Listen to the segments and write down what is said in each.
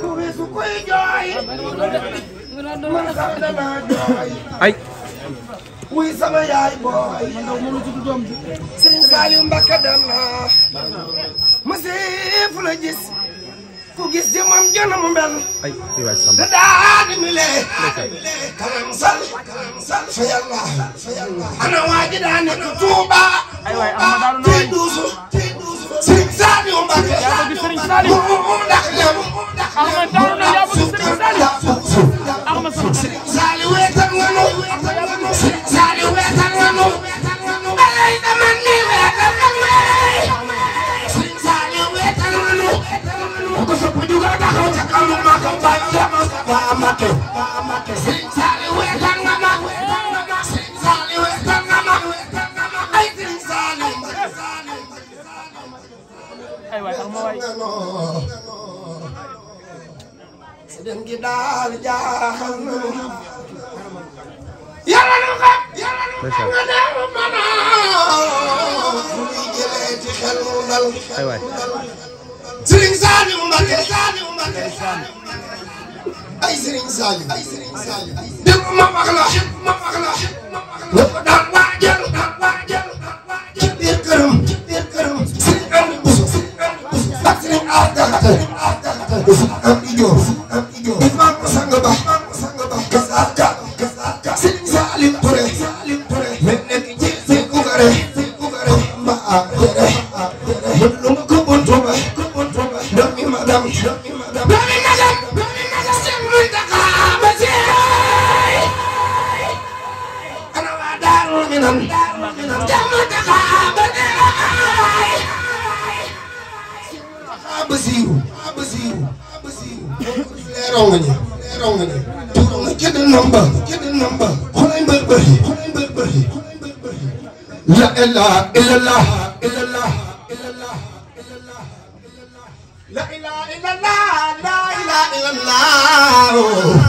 ku weesu kuy jooy man sax danaa jooy ay wuy sama yaay booy Serigne Saliou Mbacké dem na masif la gis ku gis jëmam jëna mu mel ay da daa di mi lee karam sal fa yàlla ana waa ji daa nekk Touba ay waay am na daal na yaa bëgg Serigne Saliou Axma daanu na yaa bëgg Serigne Saliou Axma sama Serigne Saliou weetal balay dama ni weetal nga nu dem gi daal jaaxal na yàlla lu xam yàlla lu xam nga ne ma naa muy jëlee ci xel mu dal Serigne Saliou Mbacké Saliou Mbacké ay Serigne Saliou ay Serigne Saliou dem ma wax la ma wax la ma wax la daan waajal daan waajal ci biir këram ci biir këram Serigne Amdi Bousso ak Serigne Aar Diakhaté منهم جمد غابة بزيرو بزيرو بزيرو ليروني ليروني توروني كده نمبر كده نمبر خلين بربري خلين بربري لا إله إلا الله إلا الله إلا الله لا إله إلا الله لا إله إلا الله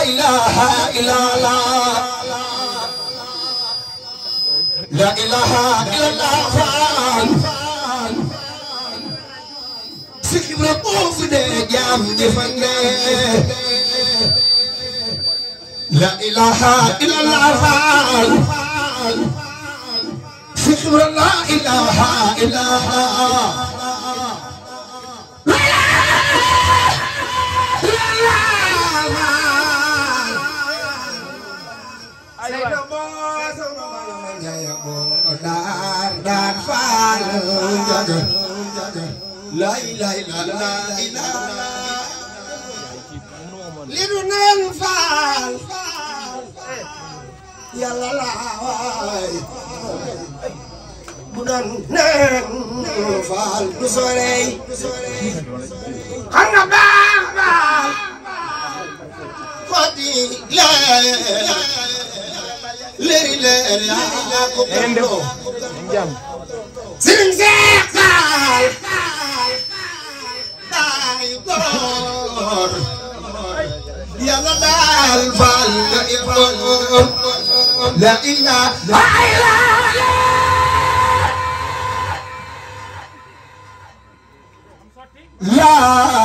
لا إله إلا الله لا إله إلا الله فعال سكبر قوف دي جام لا إله إلا الله فعال سكبر لا إله إلا الله Seydu Moodu ma ñaya boo daar daar faal njaga lay lay la la ilaha li nu neen faal yàlla la waay bu doon neen faal du sorey xam nga baax baax ko di lee sëriñ Seex Faal daay góor yàlla daal baal la góor la ilaha illallah la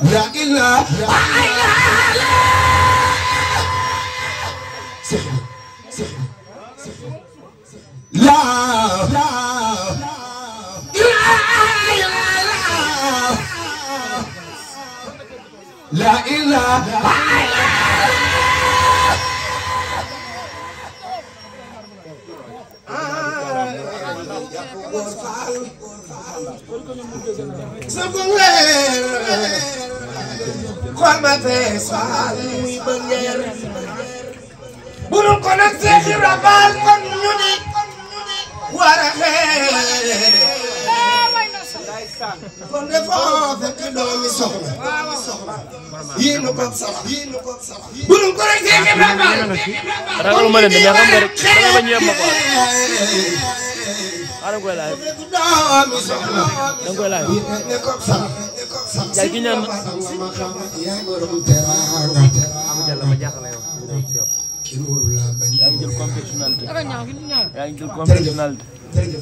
Rakila, Love, love, La ilaha illallah. Somewhere. xol ba fees faal muy bëngeer bu dul ko nag Seex Ibra Faal kon ñu ni war a xeex kon de foo fekk doomi soxna yii nu ko sax yii nu ko sax bu dul ko nag Seex Ibra Faal ragaluma leen dañoo xam ne rek dama bañ yem ma ko ah da nga koy laaj da nga koy laaj jaay gi ñaan yaa borom teraanga yaa ngi jël confessionnalité yaa ngi jël confessionnalité